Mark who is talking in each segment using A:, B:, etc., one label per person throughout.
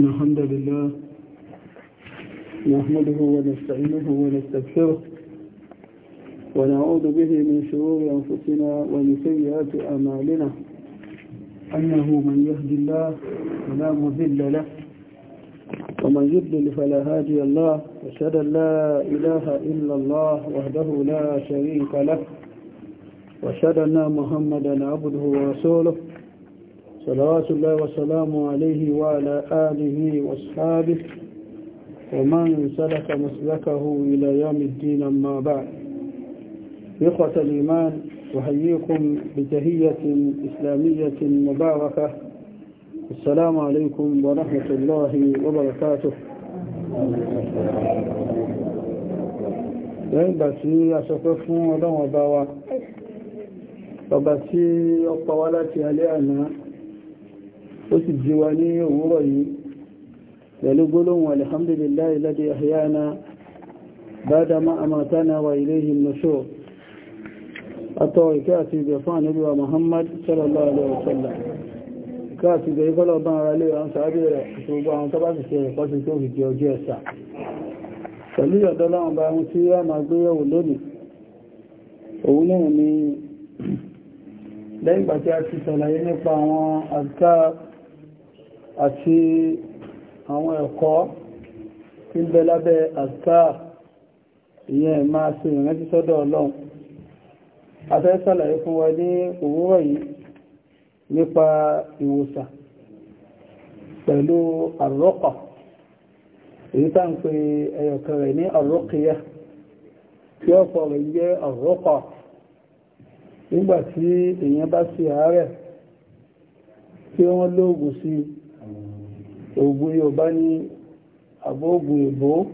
A: إن الحمد لله نحمده ونستعينه ونستغفره ونعوذ به من شرور أنفسنا ومن سيئات أعمالنا أنه من يهدي الله فلا مذل له ومن يضلل فلا هادي الله أشهد أن لا إله إلا الله وحده لا شريك له وأشهد أن محمدا عبده ورسوله صلوات الله وسلامه عليه وعلى آله وأصحابه ومن سلك مسلكه إلى يوم الدين أما بعد إخوة الإيمان أحييكم بتهية إسلامية مباركة السلام عليكم ورحمة الله وبركاته lẹ́yìn ìgbà tí a sọ pé fún ọlọ́wọ̀n bá wa ọba tí wá láti alẹ́ àná ó sì jí wa ní òwúrọ̀ yìí pẹ̀lú gbólóhùn alhamdulillahi alladhi ahyana ba'dama amatana wa ilayhi an-nushur àtọ́ ìkẹ́ àti ìgbẹ̀ fún àníbíwa Muhammad sallallahu alaihi wasallam ìkẹ́ àti ìgbẹ̀ ikọ́lọ̀ bá ara lè rán sàábẹ̀ rẹ̀ àti gbogbo àwọn tọ́bá ti ṣe ẹ̀kọ́ sí tó fìdí òun náà ni lẹ́yìn tí a ti sọ̀làyé nípa àwọn àdúgbà àti àwọn ẹ̀kọ́ tí ń bẹ lábẹ́ azkar ìyẹn máa ṣe ìrántí sọ́dọ̀ ọlọ́run afẹ́ sàlàyé fún wa ní òwúrọ̀ yìí nípa ìwòsàn pẹ̀lú àrọ́kọ̀ èyí tá ń pè ẹyọ̀kan rẹ̀ ní àrọ́kìyà tí ọ̀pọ̀ rẹ̀ jẹ́ àrọ́kọ̀ nígbàtí èèyàn bá sí àárẹ̀ tí wọ́n lóògùn sí i ogun yóò bá ní àbóògùn ìbò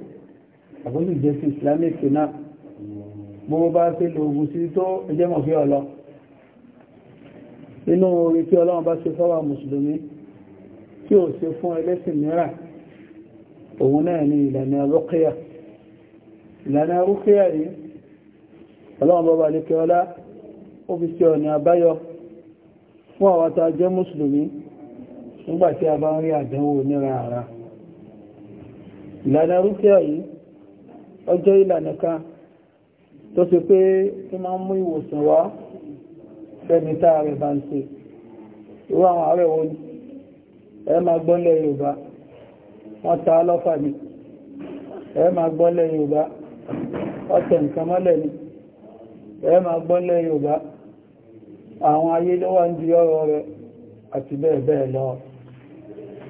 A: àbóògùn jẹ́sí islamic náà bó bá fẹ́ lò ogun sí tó ẹjẹ́mọ̀ fí ọlọ́ inú orí tí ọlọ́run bá ṣe fọ́wà mùsùlùmí tí ó ṣe fún ẹlẹ́sìn mìíràn òun náà ni ìlànà rúkíyà ìlànà rúkíyà yìí ọlọ́run bọ́bá ní kí ọlá ó fi ṣe ọ̀nà àbáyọ fún àwátá jẹ́ mùsùlùmí nígbàtí a bá ń rí àdánwò níra ara ìlànà rúkíà yìí ọjọ́ ìlànà kan tó ṣe pé tí ma ń mú ìwòsàn wá fẹ́ni rẹ̀ bá ń ṣe irú àwọn ààrẹ wo ẹ ma gbọ́nlẹ̀ Yorùbá wọ́n ta lọ́fà ní ẹ ma gbọ́nlẹ̀ Yorùbá ọ̀tẹ̀ nǹkan mọ́lẹ̀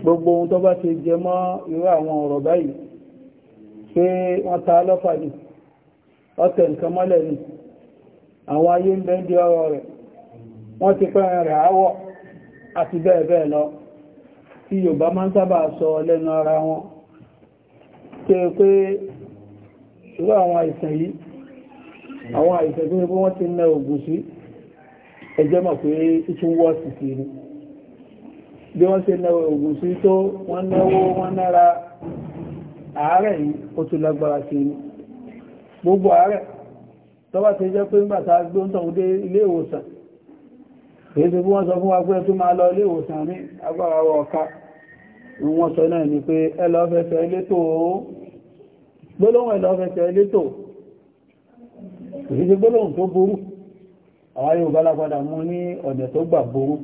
A: gbogbo ohun tó bá ti jẹ mọ́ irú àwọn ọ̀rọ̀ báyìí pé wọ́n ta lọ́fà ní ọ̀tẹ̀ nǹkan mọ́lẹ̀ ní àwọn ayé ń bẹ́ndì ọ̀rọ̀ rẹ̀ wọ́n ti pẹ́rin rẹ̀ áwọ̀ àti bẹ́ẹ̀ bẹ́ẹ̀ lọ tí Yorùbá máa ń sábà sọ lẹ́nu ara wọn pé pé irú àwọn àìsàn yìí àwọn àìsàn tó wọ́n ti nẹ ògùn sí ẹjẹ́ mọ̀ pé títún wọ́ sí sí ni bí wọ́n ṣe náwó ògùn sí tó wọ́n náwó wọ́n nára àárẹ̀ yìí ó tún lágbára sí ní gbogbo àárẹ̀ tó bá ti jẹ́ pé ń bàtà gbóǹtàn dé ilé ìwòsàn èyí tí wọ́n sọ fún wa pé tó máa lọ ilé ìwòsàn ní agbára ọ̀ká wọ́n sọ náà ni pé ẹlọ́fẹ́fẹ́ elétò gbólóhùn ẹlọ́fẹ́fẹ́ elétò èyí tí gbólóhùn tó burú àwọn Yorùbá lápadà mú ní ọ̀dẹ̀ tó gbà burú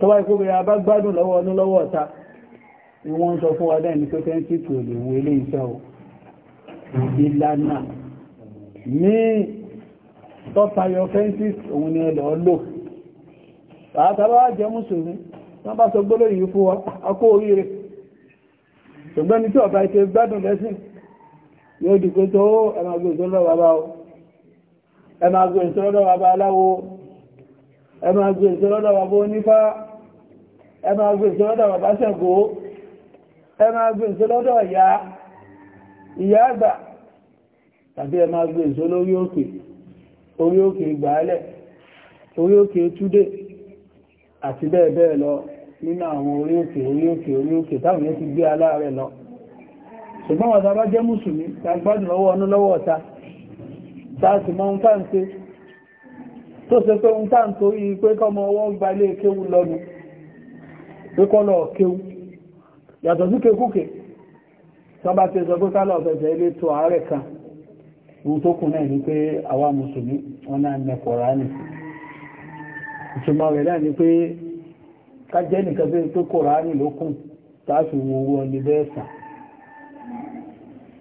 A: tó wáyé kó bẹ̀rẹ̀ abá gbádùn lọ́wọ́ ọdún lọ́wọ́ ọ̀ta ni wọ́n ń sọ fún wadá ní pẹ́pẹ́ tí kò lè wo ilé iṣẹ́ o ìlànà ní tọ́payọ fẹ́ntìs òun ni ẹlọ lò pàtàbá jẹ́ mùsùlùmí wọ́n bá sọ gbọ́lọ̀ yìí fún akó oríire ṣùgbọ́n ní tí ọ̀bá ìṣe gbádùn lẹ́sìn yóò dìgbé tó ẹmàgbé ìṣọ́lọ́wọ́ bá aláwo ẹ máa gbé ìṣẹ́lọ́dọ̀ bàbá onífá ẹ máa gbé ìṣẹ́lọ́dọ̀ bàbá ṣẹ̀gbó ẹ máa gbé ìṣẹ́lọ́dọ̀ ìyá ìyá àgbà tàbí ẹ máa gbé ìṣẹ́ lórí òkè orí òkè ìgbàálẹ̀ orí òkè túdé àti bẹ́ẹ̀ bẹ́ẹ̀ lọ nínú àwọn orí òkè orí òkè orí òkè táwọn yẹn ti gbé aláàrẹ̀ lọ tó ṣe pé ń tàn torí pé kọmọ ọwọ́ gba ilé kéwú lọ́nu pé kọ́lọ̀ kéwú yàtọ̀ sí kékúkè tán bá ti sọ pé kálọ̀ ọ̀fẹ́fẹ́ ilé tó ààrẹ kan ohun tó kù náà ni pé àwa mùsùlùmí wọn náà mẹ́kọ̀ọ́rá nì ìtumọ̀ rẹ̀ náà ni pé ká jẹ́ nìkan tó Kùránì ló kùn tààfi wo owó ọni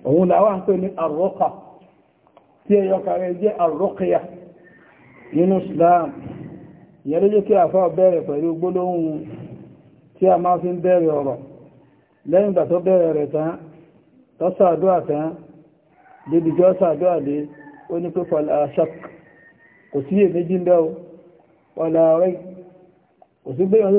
A: òun làwọn ń pè ní àrọ́kà tí ẹyọkà rẹ̀ jẹ́ àrọ́kìyà nínú Islam ìyẹn ló jẹ́ kí àfá bẹ̀rẹ̀ pẹ̀lú gbólóhùn tí a máa fi ń bẹ̀rẹ̀ ọ̀rọ̀ lẹ́yìn ìgbà tó bẹ̀rẹ̀ rẹ̀ tán tó sàdúà tán débi jọ sàdúà lé ó ní pé fọlá ṣak kò sí èméjì ń bẹ́ẹ̀ fọlá rẹ̀ kò sí gbéyàn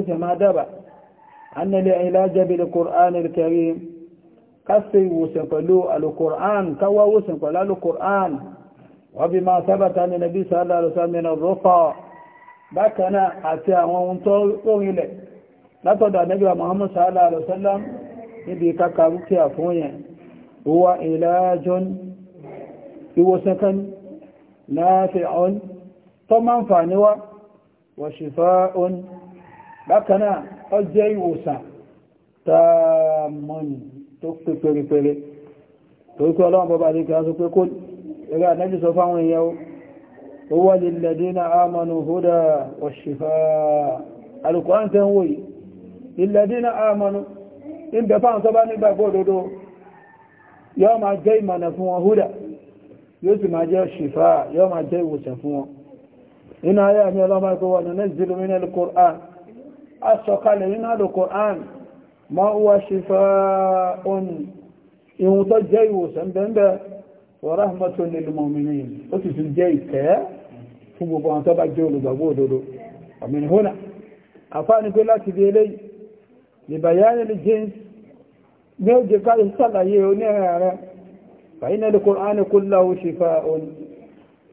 A: tó وبما ثبت عن النبي صلى الله عليه وسلم من الرقى بكنا àti àwọn ohun tó rinlẹ̀ látọ̀dọ̀ Ànábì Muhammad sallallahu alaihi wasallam níbi kàkà rúkíà fún yẹn huwa ìlàájọ́n ìwòsàn kan nafi'un tó máa ń fà ẹgbẹ́ ànábì sọ fáwọn èèyàn ó wà lilladina amanu huda wa shifa alùkọ́rán tẹ́ ń wò yìí lilladina amanu ń bẹ fáwọn sọ́bá nígbàgbọ́ òdodo yóò máa jẹ́ ìmọ̀nà fún wọn huda yóò sì máa jẹ́ shifa yóò máa jẹ́ ìwòsàn fún wọn inú ayé àmì ọlọ́mọ ìwòsàn bẹ́ẹ̀ wa rahmatun lil mu'minin ó sì tún jẹ́ ìkẹ́ fún gbogbo àwọn tó bá jẹ́ olùgbàgbọ́ òdodo ọ̀mìn hónà àfáàní pé láti di eléyìí ìbàyánì lè jẹ́ ní ó jẹ́ káyọ̀ sàlàyé onírẹ̀ rẹ̀ fàyínà lè kùrán kó láwọ́ ṣe fa òní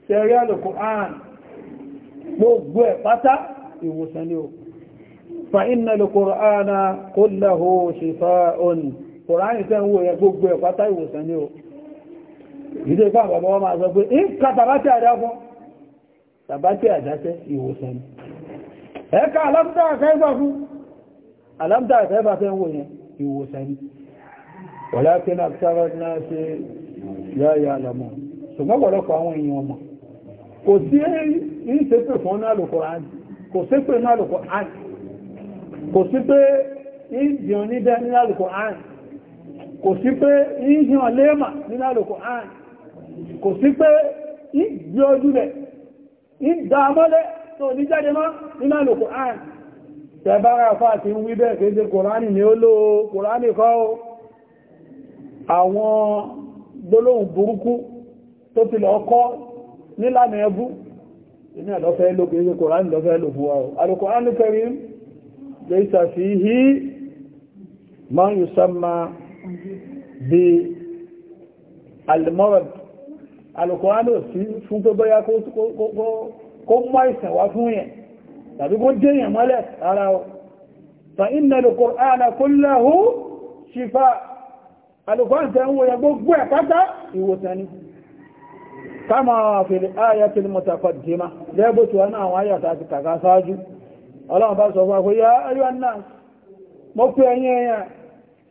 A: ṣẹ̀rí alùkùrán gbogbo ìdí ipá bàbá wọn máa sọ pé ń ka tàbátì àdá fún tàbátì àdáṣẹ́ ìwòsàn ẹ̀ka alámdá àkáyébà fún alámdá àkáyébà fẹ́ wò yẹn ìwòsàn walakin àkísára náà ṣe yáyà àlàmọ̀ ṣùgbọ́n pọ̀lọpọ̀ àwọn èèyàn mọ̀ kò sí ìṣẹ́pẹ̀ fún náà lòkọ̀ àjì kò sí pé náà lòkọ̀ àjì kò sí pé ìdíọ̀ nídẹ́ nílálòkọ̀ àjì kò sí pé ìhìn ọ̀lẹ́mà nílálòkọ̀ àjì kò sí pé ìgbé ojú rẹ̀ ìdámọ́lẹ̀ tó ní jáde mọ́ nínú àlòkò àn tẹbára fà ti ń wí bẹ́ẹ̀ kéde kòránì ni ó lò kòránì kọ́ àwọn gbólóhùn burúkú tó ti lọ kọ́ nílànà ẹbú inú ẹ̀lọ́fẹ́ ló kéde kòránì lọ́fẹ́ lò fún wa àlòkò àn ní kẹrí lẹ́sà fi hí man alùkọ̀ánù sí fún tó bóyá kó mọ́ ìsàn wá fún yẹn tàbí kó jẹ́yàn mọ́lẹ̀ ara ọ fa inna alùkọ̀ánà kullahu shifa alùkọ̀ánù tẹ́ ń wòye gbogbo ẹ̀ pátá ìwòsàn ni kama ẹ̀yìn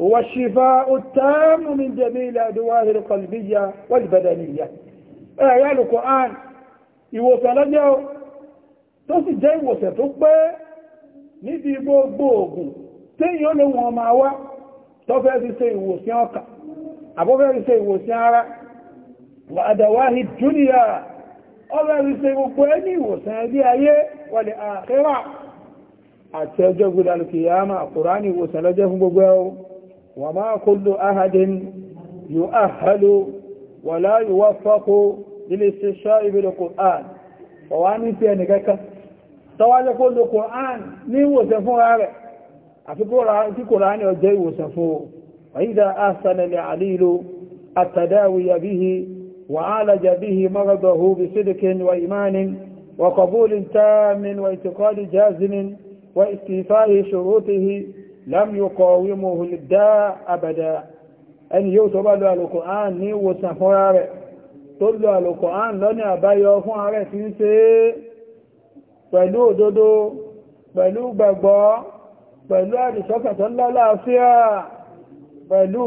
A: هو الشفاء التام من جميع أدواه القلبية والبدنية آية القرآن ìwòsàn lọ́jọ́ tó sì jẹ́ ìwòsàn tó pé níbi gbogbo ògùn tí yíò ló wọn máa wá tó fẹ́ fi iwosan ìwòsàn ọkà àbúfẹ́ fi ṣe ìwòsàn ara wà gbogbo ẹni ìwòsàn ilé ayé wọlé àkírà وما كل أحد يؤهل ولا يوفق للاستشاء بالقرآن فواني في أنكك سواجه كل القرآن من وصفه هذا في قرآن يجي وصفه وإذا أحسن لعليل التداوي به وعالج به مرضه بصدق وإيمان وقبول تام واعتقاد جازم واستيفاء شروطه lam yuqawimuhu al-da' abada ẹni yóò tó bá lọ Al-Qur'an ní ìwòsàn fúnra rẹ̀ tó lọ Al-Qur'an lọ́nà àbáyọ fún ààrẹ tí ń ṣe pẹ̀lú òdodo pẹ̀lú gbàgbọ́ pẹ̀lú àdìsọ́kà tó lálàáfíà pẹ̀lú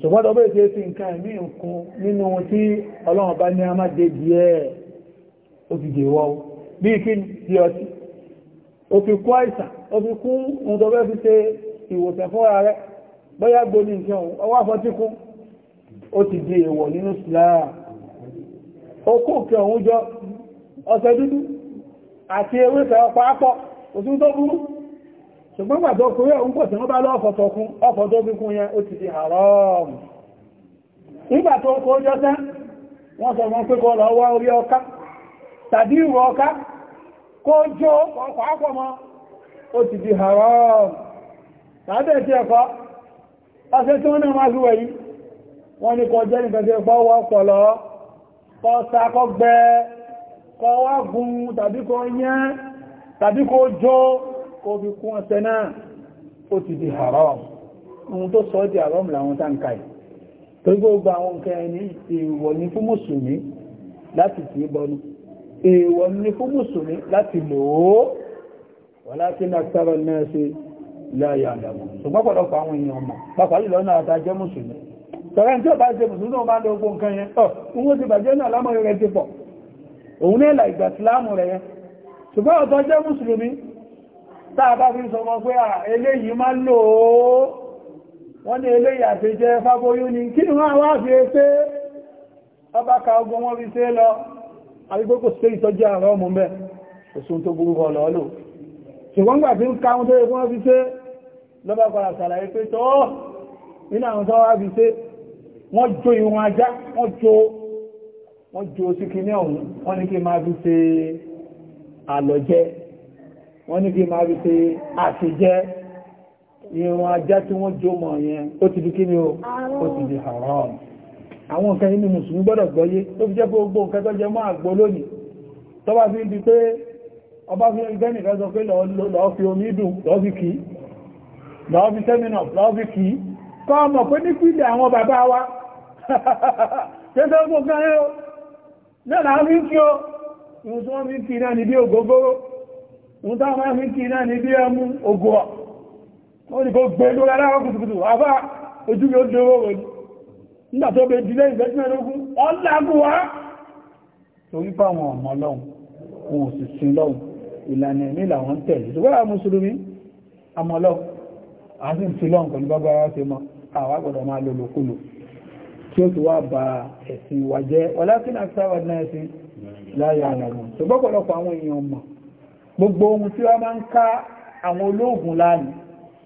A: ṣùgbọ́n tó bèèrè tí nǹkan ẹ̀mí nǹkan nínú tí ọlọ́run bá ní a má dé di ẹ́ ó ti dè wọ́ bí kí di ọtí ó fi kú àìsàn ó fi kú ohun tó bẹ́ fi ṣe ìwòsàn fúnra rẹ̀ bóyá gbóní nǹkan ọwọ́ àfọ́tíkún ṣùgbọ́n gbàtọ́ ọkùnrin ọ̀hún pọ̀ tí wọ́n bá lọ́ọ̀fọ̀tọ̀ kún ọkọ̀ yẹn ó ti di àrọ́ọ̀mù nígbà tó kó jọ́sẹ́ wọ́n sọ wọn pé kọ́ lọ wá orí ọká tàbí ìrọ̀ ọká kó jó ọkọ̀ ápọ̀mọ́ ó ti di àrọ́ọ̀mù tàbí kọ́ yẹn kó fi kún ọ̀sẹ̀ náà ó ti di haram ohun tó sọ di haram làwọn táǹkà yìí tó gbogbo àwọn nǹkan ẹni èèwọ̀ ni fún mùsùlùmí láti tì í bọnu èèwọ̀ ni fún mùsùlùmí láti lò ó wọ́n láti ní akẹ́rọ náà ṣe láyé àdàmọ̀ ṣùgbọ́n pọ̀lọpọ̀ àwọn èèyàn mọ̀ pàpàá jùlọ náà àtàjẹ́ mùsùlùmí tọ́rẹ tí ó bá ṣe mùsùlùmí náà bá ń dogun nǹkan yẹn ọ̀ tàbá fi sọmọ pé à eléyìí má lò ó wọ́n ní eléyìí àfẹ́jẹ́ fábóyún ni kí ni wọ́n wá fi pé ọba ka ogun wọ́n fi ṣe lọ àrígbé kò sí ìtọ́jú àrọ́ ọmọ mẹ́ òsùn tó burú ọ̀lọ́ lò ṣùgbọ́n gbà tí ń ka ohun tó yẹ fún wọ́n àlọ́jẹ́ wọ́n ní kí máa rí pé àṣejẹ́ irun ajá tí wọ́n jó mọ̀ yẹn ó ti di kíni o ó ti di haram àwọn nǹkan inú mùsùlùmí gbọ́dọ̀ gbọ́yé tó fi jẹ́ pé gbogbo nǹkan tó jẹ mọ́ àgbo lónìí tó bá fi ń di pé ọba fi ń gẹ́nì kan sọ pé lọ́ọ́ fi omi dùn lọ́ọ́ fi kì í lọ́ọ́ fi sẹ́mìnà lọ́ọ́ fi kì í kọ́ ọmọ pé ní pílẹ̀ àwọn bàbá wa tẹ́tẹ́ gbogbo kan yóò náà láàrín kí ó ìwọ̀n tí wọ́n fi ń kì náà ní bí ògógóró ń tá máa fi kí náà ní bí ẹmú ogun ọ̀ wọ́n ni kò gbé ló rárá wọ́n kùtùkùtù àbá ojú mi ó dúró wọ́n nígbà tó bẹ ìdílé ìgbẹ́sìmẹ́lógún ọlágún wá torí fáwọn ọmọ tí ó ti wá ba ẹ̀sìn wa jẹ́ ọlá kí náà sáwà náà ẹ̀sìn láyé àlàmù ṣùgbọ́pọ̀lọpọ̀ àwọn èèyàn mọ̀ gbogbo ohun tí wọ́n máa ń ká àwọn olóògùn láàrin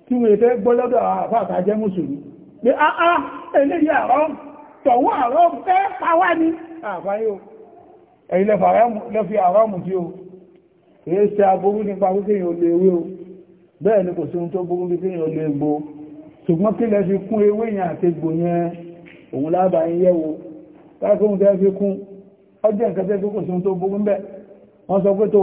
A: tí wọ́n fẹ́ gbọ́ lọ́dọ̀ àfáàkà jẹ́ mùsùlùmí pé àá ah, ah, eléyìí àrọ́m tọ̀wọ́ àrọ́m fẹ́ pàwá ní àfáyé o ẹ̀yìn lẹ́fì àrọ́m tí o èé ṣe aburú nípa kéèyàn olè ewé ni kò sí ohun tó burú kéèyàn olè egbò ṣùgbọ́n kí lẹ fi kún ewé yẹn àti egbò ọjọ́ nǹkan tẹ́ kò sí ohun tó burú ń bẹ̀ wọ́n sọ pé tó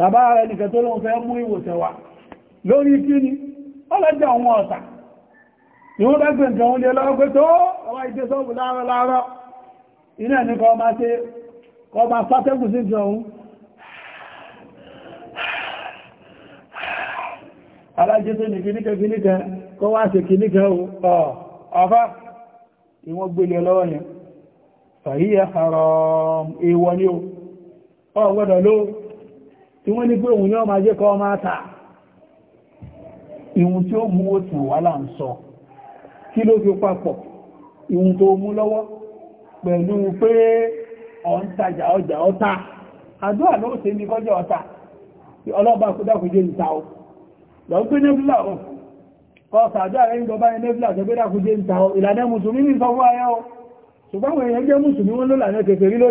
A: tàbá rẹ̀ nìkan tó lóun fẹ́ mú ìwòsàn wá lórí kí ni ọlọ́jà àwọn ọ̀tà ìwọ́n bá gbé nǹkan oúnjẹ lọ́wọ́ pé tó ọwá ìdé sọ́ọ̀bù láàárọ̀ láàárọ̀ iná ní kọ máa ṣe kọ máa fátẹ́kù sí jọ ohun alájẹ́ tó ní kìníkẹ kìníkẹ kọ wá ṣe kìníkẹ ọ̀fá ìwọ́n gbélé lọ́wọ́ yẹn fàyíyà haram èèwọ̀ ni ó ọgbọ́dọ̀ lóòrùn ìwọ́n ní pé òun ní ọmọ ajé kọ́ máa tà ìwọ̀n tí ó mú ó tàn wá là ń sọ kí ló fi papọ̀ ìwọ̀n tó mú lọ́wọ́ pẹ̀lú pé ọ̀n tajà ọjà ọta àdúrà ló ṣe ní kọjá ọta ọlọ́ba kúdákùjẹ́ ìta ọ lọ gbé ọ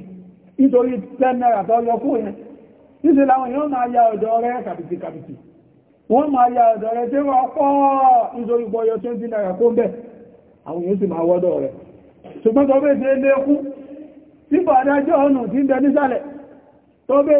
A: nítorí 10 naira tó yọ fún yẹn níṣẹ́ láwọn èèyàn máa ya ọ̀dọ̀ rẹ kàbìtì kàbìtì wọ́n máa ya ọ̀dọ̀ rẹ tí wọ́n nítorí gbọ́yọ 20 naira kó àwọn èèyàn sì máa wọ́dọ̀ ṣùgbọ́n tó bẹ́ẹ̀ tí bàdájọ́ ọ̀nà tí ń bẹ nísàlẹ̀ tó bẹ́ẹ̀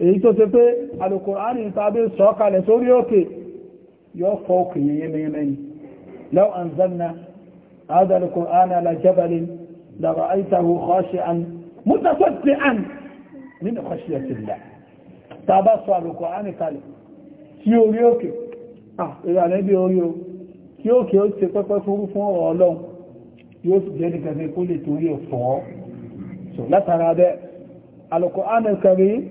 A: èyí tó ṣe pé alùkùránì tàbí sọ́kalẹ̀ sórí òkè yóò fọ́ òkè yẹmẹyẹmẹni law anzalna hadha alùkùránì ala jabalin la ra'aytahu khashi'an mutasaddi'an min khashyatillah tàbá sọ alùkùránì kalẹ̀ sí orí òkè ah, ìrànẹ́bí orí o kí òkè ó ṣe pẹ́pẹ́ fúrú fún ọ̀rọ̀ ọlọ́run yóò sì jẹ́ nìkan kó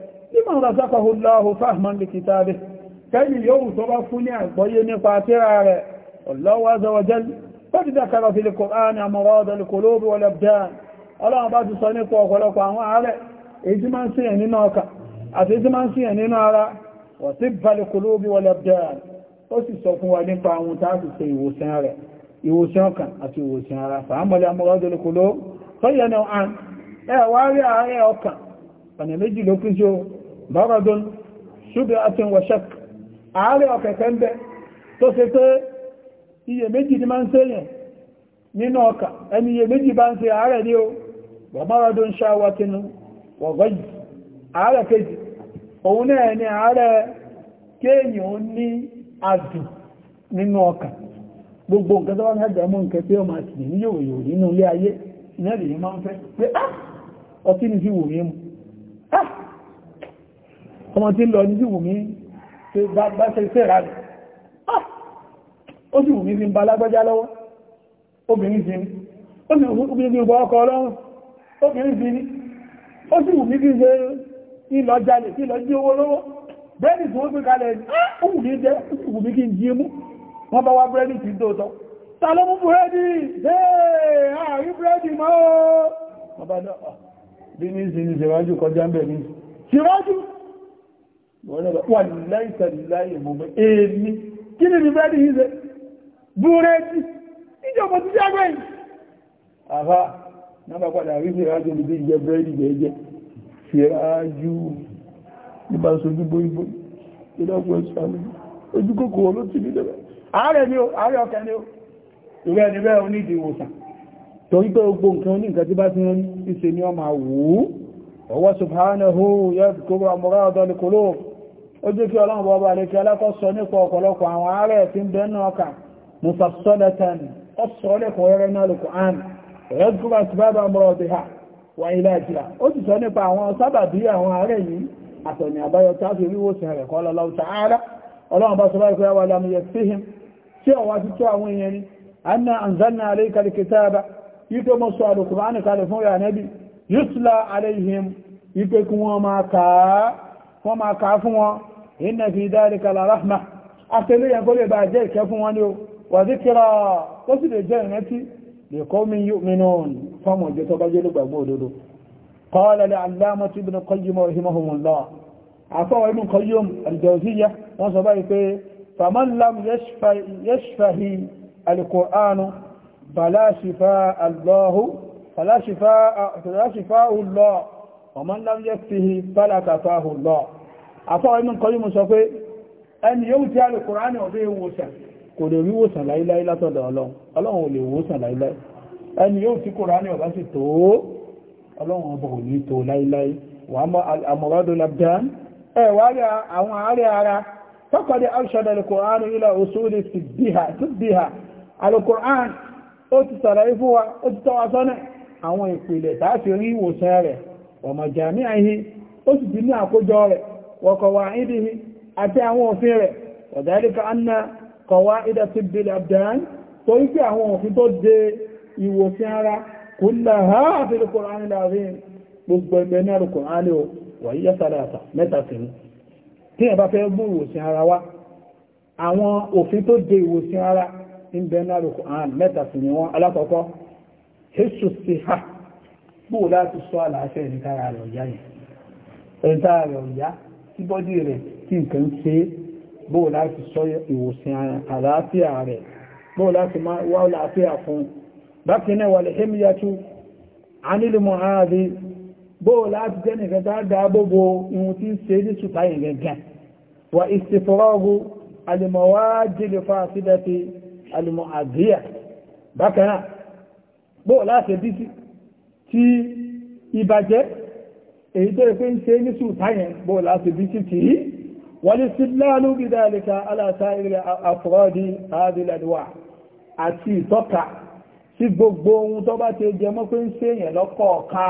A: nígbà razaqahu Allahu fahman li kitabihi kẹ́lì yóò tó bá fún ní àgbọ́yé nípa tírà rẹ̀ Allahu azza wa jalla qad dhakara fil Qur'ani amrada al-qulubi wal-abdan ọlọ́run bá ti sọ nípa ọ̀pọ̀lọpọ̀ àwọn àárẹ̀ èyí tí máa ń síyàn nínú ọkà àti èyí tí máa ń síyàn nínú ara wa tibba li-qulubi wal ẹ̀wà rí àárẹ̀ ọkàn ọ̀nà méjì ló pín sí bọ́rọ̀dún ṣúgbẹ́ ọtún wọ̀ṣẹ́k ààrẹ ọ̀kẹ̀kẹ́ ń bẹ tó ṣe pé iye méjì ni máa ń nínú ọkà ẹni iye méjì bá ń ṣe ààrẹ ní o bọ̀mọ́rọ̀dún ṣáwọ́tínú wọ̀gọ́yì ààrẹ kejì gbogbo ọmọ tí lọ ní ìwò mi bá ṣe sẹ́ra rẹ̀ ah! ó sì wù mí sí ń ba lágbọ́já lọ́wọ́ obìnrin sí ni ó sì wù mí sí ń bọ́ ọkọ̀ ọlọ́run obìnrin sí ni ó sì wù mí sí ṣe ìlọ jalè sí ìlọ jí owó lọ́wọ́ bẹ́ẹ̀ni tí wọ́n gbé kalẹ̀ ní ah! ó wù mí jẹ́ ó sì wù mí kí n jí mú wọ́n bá wá búrẹ́dì wà láìsàláì mọ̀mọ̀ èmi kí ni rìbẹ́dì yìí ṣe búrẹ́dì ìjọba ti jágbẹ́ yìí àfá náà padà rí sí ìrájú olùgbé jẹ búrẹ́dì jẹ́jẹ́ sí ìrájú nípa sojú gbóyìnbó ìdọ́gbọ́ ìsàmì ojú kòkò ló ti ní lẹ́bẹ̀ ààrẹ ni ó ààrẹ ọkẹ́ ni ó ìrẹ́ ni bẹ́ẹ̀ onídìí ìwòsàn torí pé gbogbo nǹkan ní nǹkan tí bá ti ń ṣe ni ọmọ àwòó ọwọ́ subhanahu yẹ́ kúrò àmúrá ọ̀dọ́ ni kòlóòrùn ó ọla kí ọlọ́run bọ́ọ̀bọ̀ àríkẹ́ alákọ́sọ nípa ọ̀pọ̀lọpọ̀ àwọn ààrẹ tí ń bẹ́ náà kà Al-Qur'an ẹ̀ẹ́dùkúrà sí bábà mọ́rọ̀ bí sọ a mo sọ ya iná fi dáríkà lárahmà àtẹ́lẹ́ yẹn kó lè bá jẹ́ ìkẹ́ fún wọn ni ó wà zíkírà ó sì lè jẹ́ ìrántí lè kọ́ mi yóò mínú fọ́mù ìjẹ́ tó bá jẹ́ lùgbàgbọ́ òdodo قال لعلامة ابن قيم رحمه الله عفوا ابن قيم الجوزية وصبايته فمن لم يشفى يشفه القرآن فلا شفاء الله فلا شفاء فلا شفاء الله ومن لم يكفه فلا كفاه الله àfáwọn inú kọ́ yìí mo sọ pé ẹni yóò tí a lè kùránì ọ̀dọ́ ìwòsàn kò lè rí wòsàn láíláí látọ̀dọ̀ ọlọ́run ọlọ́run ò lè wòsàn láíláí ẹni yóò tí kùránì ọ̀bá sì tó ọlọ́run ọba ò ní tó láíláí wà àmọ̀rádùn labdan ẹ wà rí àwọn àárẹ̀ ara tọ́kọ̀dé arṣọ́dọ̀ alìkùránì ilẹ̀ òṣùlẹ̀ sí bíhà alìkùránì ó ti sàlàyé fún wa ó ti tọ́ wa sọ́nà àwọn ìpìlẹ̀ tàà fi rí ìwòsàn rẹ̀ ọmọ jàmí àyí ó sì ti ní àkójọ rẹ̀ wa qawaidihi àti àwọn òfin rẹ̀ wadhalika anna qawaida tibbil abdan torí pé àwọn òfin tó de ìwòsàn ara kullaha fil Qur'anil azim gbogbo ẹgbẹ́ náà Qur'an o wà yíyá sàdáàtà mẹ́ta sí ní tí ẹ bá fẹ́ mú ìwòsàn ara wá àwọn òfin tó de ìwòsàn ara ń bẹ náà rẹ̀ ọ̀yá tí bọ́dí rẹ̀ tí nǹkan ṣe bóò láti sọ ìwòsàn àlàáfíà rẹ̀ bóò láti wá àlàáfíà fún bákináà wà lè hẹ́míyà tú anílùmọ̀ ààrẹ bóò láti jẹ́ nìkan dáadáa gbogbo ohun tí ń ṣe ní ṣùtá ìrẹ̀gẹ̀ wà ìsìfọ́rọ́gù alìmọ̀wá jẹ́lẹ̀ fásídẹ́tì ìbàjẹ́ èyí tó yẹ pé ń ṣe ní sùúrù táyẹn bó láti bí títì wọlé sí láàánú bí dáàlìkà aláta ilẹ̀ àfọ́ọ́dí àádìlẹ̀dùwà àti ìtọ́ka sí gbogbo ohun tó bá ti jẹ mọ́ pé ń ṣe èèyàn lọ́kọ̀ọ̀ká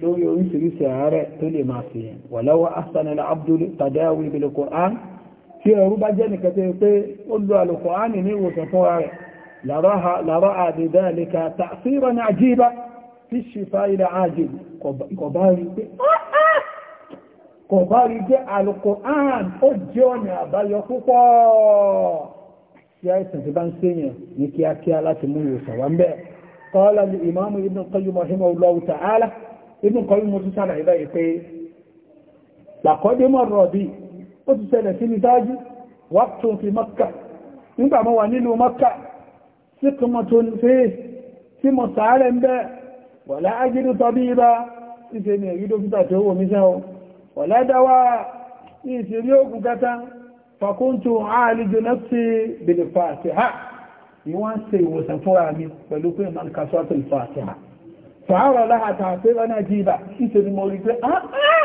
A: lórí oríṣiríṣi ààrẹ tó lè máa fi tí ṣífà ilẹ̀ ajẹ́lù kò bá rí jẹ́ Al-Qur'an ó jẹ́ ọ̀nà àbáyọ púpọ̀ tí a ìsìn tí bá ń sèyàn ní kíákíá láti mú ìwòsàn wá ń bẹ́ẹ̀ qala al-imam Ibn Qayyim rahimahullahu ta'ala Ibn Qayyim tún sàlàyé báyìí pé laqad marra bi ní dájú waqtun fi Makka nígbà mọ́ wà nílùú sàárẹ̀ ń bẹ́ẹ̀ wọ̀lá ágídú tọ́bí ibá ìṣe ni èyí dókítà tó wò míṣẹ́ o wọ̀lá dáwà ìṣèrí ògùn kẹta fàkúntù àlejò náà sí bèlè fàtíhà ni wọ́n ṣe ìwòsàn fúnra mi pẹ̀lú pé ìmọ̀ nǹkan sọ́tò fàtíhà fàárọ̀ láhàtà àfẹ́rẹ́ náà jí ibà ìṣe ni mo rí pé ah, ah!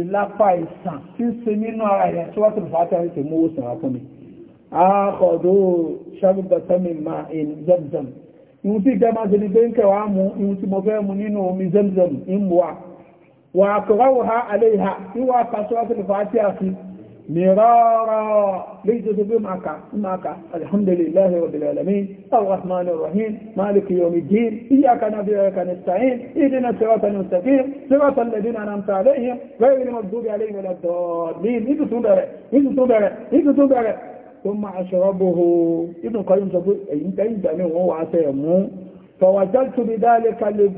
A: ìlápá ìsàn tí ń ṣe nínú fàtíhà ìhun tí ìjẹ́ máa ṣe ni pé ń kẹwàá mú ìhun tí mo fẹ́ mu nínú omi zemzem ń mu wa wà àkọ́wò ha alẹ́ ìhà ìwà pàṣẹwàṣẹ lè fàá tí a fi mìíràrà léyìí tó ṣe pé máa kà máa kà alhamdulillahi rabbil alamin arrahman arrahim maliki yawmi din iyyaka na'budu tó máa ṣọ́rọ́ bòrò inú kọjú sọ pé èyí tẹ́yìn ìgbà ní wọ́n wà á tẹ̀ mú fọwọ́jọ́ tóbi dáálé kalẹ̀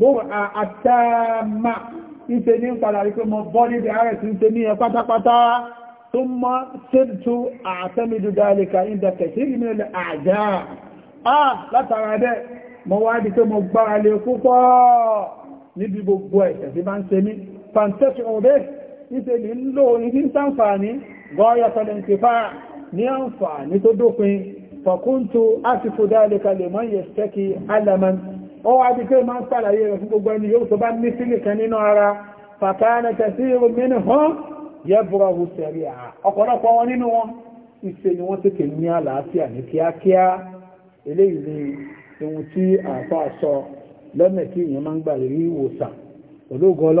A: bóòrò àtàmà ìṣe ní padà rí pé mo bọ́ níbi ààrẹ tí ń ṣe ní ẹ pátápátá tó mọ́ sèntú àtẹ́mìdú dáálé ka ìdá kẹsí ìrìnlẹ̀ àjá à látara bẹ́ mo wá di pé mo gbára lé púpọ̀ níbi gbogbo ẹ̀ṣẹ̀ tí máa ń ṣe ní fàǹtẹ́sì ọ̀rẹ́ ìṣe ní ń lò ní gọ́ọ̀yọ̀ tọ́lẹ̀ ń ní àǹfààní tó dópin fọ̀kúntù àsìkò dáadéka lè mọ́ yẹ stẹ́kì alaman ó wá bí pé máa ń sàlàyé rẹ̀ fún gbogbo ẹni yóò tó bá ní sílì kan nínú ara fàkánà tẹ̀sí irun mínú hàn yẹ búra wù sẹ̀rí à ọ̀pọ̀lọpọ̀ wọn nínú wọn ìṣe ni wọ́n tètè ní àlàáfíà ní kíákíá eléyìí ni ohun tí àfa sọ lọ́nà tí èèyàn máa ń gbà rí ìwòsàn pẹ̀lú ògùn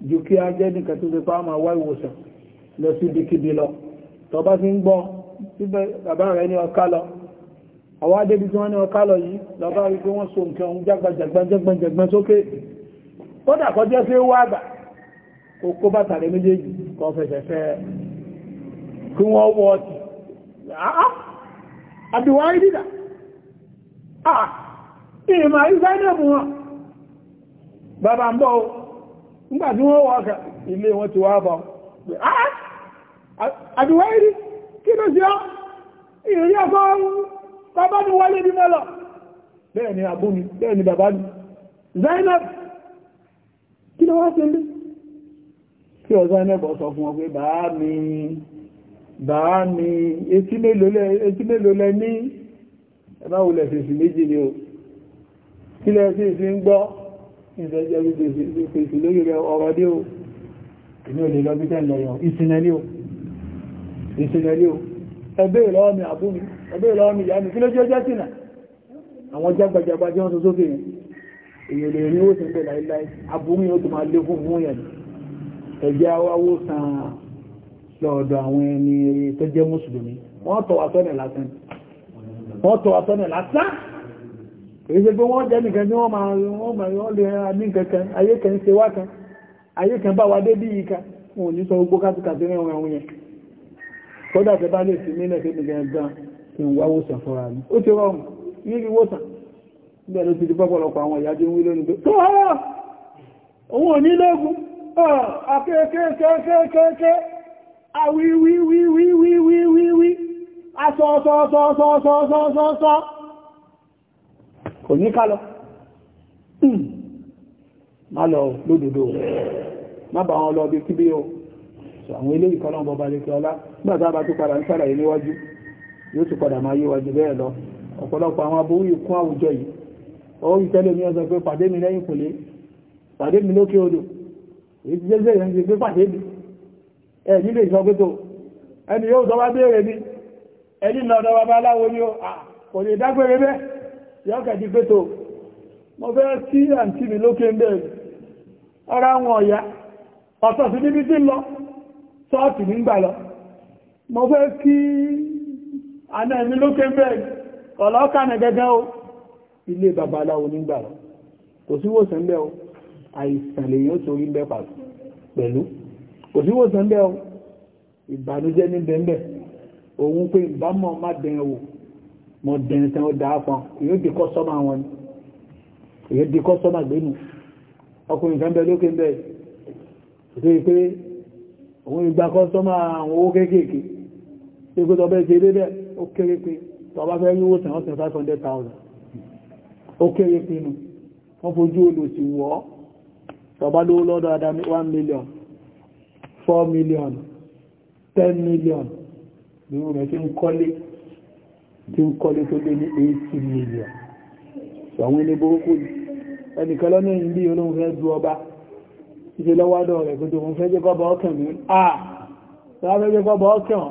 A: ju kí a jẹ́ nìkan tó ti pa máa wá ìwòsàn lọ sí ibikíbi lọ tó bá ti ń gbọ́ síbẹ̀ bàbá rẹ̀ ní ọká lọ àwọn adébí tí wọ́n ní ọká lọ yìí lọ́bá rí pé wọ́n so nǹkan ohun jágbàjàgbàjàgbàjàgbàn sókè kódà kọjá sí owó àgbà kò kó bàtà rẹ̀ méjèèjì kọ fẹsẹ̀ fẹ́ kí wọ́n wọ́ bàbá ń bọ́ nígbà tí wọ́n wọ́n ilé wọn ti wá bá ah! àdúwá ìrí kí ló sí ọ́ ìrí ọkọ̀ bàbá ní wọlé ní mọ́lọ̀ bẹ́ẹ̀ ni àbú ni bẹ́ẹ̀ ni bàbá ni Zainab kí ló wá sí ilé kí ọ Zainab ọ sọ fún wọn pé bàá mi bàá mi etí mélòó lẹ ní ẹbáwò lẹ̀ fèsì méjì ni o kí lẹ́ sí ìsìn gbọ́ ìfẹ́jẹ́ bí fèsì lórí rẹ̀ ọ̀rọ̀ dé o inú olè lọ bíjẹ́ lẹ́yàn ìsinẹ̀lé o ìsinẹ̀lé o ẹgbẹ́ ìlọ́wọ́ mi àbúmi ẹgbẹ́ ìlọ́wọ́ mi ìyá mi kí ló jẹ́ jẹ́ sínà àwọn jágbàjàgbà jẹ́ wọ́n tó sókè yẹn èyàn lè rí òsìn pẹ̀lá iláì àbúmi ó tó máa lé fún fún yẹn ẹgbẹ́ awáwó san lọ́ọ̀dọ̀ àwọn ẹni tó jẹ́ mùsùlùmí wọ́n tọ́ wa sọ́nà èyí ṣe pé wọ́n jẹ́ nìkan tí wọ́n máa wọ́n máa wọ́n lè ra ní kankan ayé kan ṣe wá kan ayé kan bá wa dé bí i kan wọn ò ní sọ gbogbo kátìkàtì rẹ̀ wọn àwọn yẹn kódà tẹ bá lè fi mílẹ̀ sí nìkan gan kí n wá wòsàn fọ́ra mi ó ti rọrùn ní rí wòsàn nígbà tó ti di pọ́pọ̀lọpọ̀ àwọn ìyájú ń wí lónìí pé tó hàn òun ò ní lẹ́gùn akẹ́kẹ́kẹ́kẹ́kẹ́ àwíwíwíwíwíwíwí asọ́sọ́sọ́sọ́sọ́sọ́sọ́ kò ní ká lọ hmm. má lọ lódòdó má bá wọn lọ bí kí bí o sọ àwọn ilé ìkọlọ́ bọba lẹ́kẹ́ ọlá gbàtà bá tó padà ń sára níwájú yóò tó padà máa yíwájú bẹ́ẹ̀ lọ ọ̀pọ̀lọpọ̀ àwọn aburú ikú àwùjọ yìí ó rí tẹ́lẹ̀ mi ọ̀sọ̀ pé pàdé mi lẹ́yìn kùnlé pàdé mi lókè odò èyí ti jẹ́ ìyẹn ti pé pàdé mi ẹ̀ nílé ìsọgbótó ẹni yóò sọ wá béèrè mi ẹni lọ́dọ̀ babaláwo ni ó kò lè yọ́kàjí pẹ́tò mo fẹ́ sí àǹtí mi lókè ń bẹ̀rẹ̀ ara wọn ọ̀yá ọ̀tọ̀ sí níbi tí lọ sọ́ọ̀tì nígbà lọ mo fẹ́ kí àná mi lókè ń bẹ̀rẹ̀ ọ̀lọ́kànà gẹ́gẹ́ o ilé babaláwo nígbà lọ kò síwòsàn bẹ́ o àìsàn yóò torí ń bẹ́ pẹ̀lú kò síwòsàn bẹ́ o ìbànújẹ́ ní òun pé ìbámọ̀ má dẹ̀ mọ̀ dẹ̀rin tẹ́ wọ́n dáa fún èyí ó di kọ́sọ́mà wọn ni èyí ó di kọ́sọ́mà gbénu ọkùnrin kan bẹ lókè bẹ ṣe pé òun ìgbà kọ́sọ́mà àwọn owó kéékèèké ṣe pé tọ́bẹ̀ ṣe dé bẹ́ẹ̀ ó kéré pé tọba fẹ́ rí wòsàn ọ̀sẹ̀ 500,000 ó kéré pé nu wọ́n fojú olùsì wọ́ tọba lówó lọ́dọ̀ adá 1 million 4 million 10 million ni wọ́n rẹ̀ ṣe ń kọ́lé tí ń kọ́lé tó lé ní 80 million àwọn ilé burúkú ẹnìkan lọ́nà ilé olóhun fẹ́ du ọba ìṣe lọ́wọ́dọ̀ rẹ̀ gbogbo òun fẹ́ jẹ́ kọ́bọ̀ ọkàn ní àà láàrẹ́ jẹ́ kọ́bọ̀ ọkàn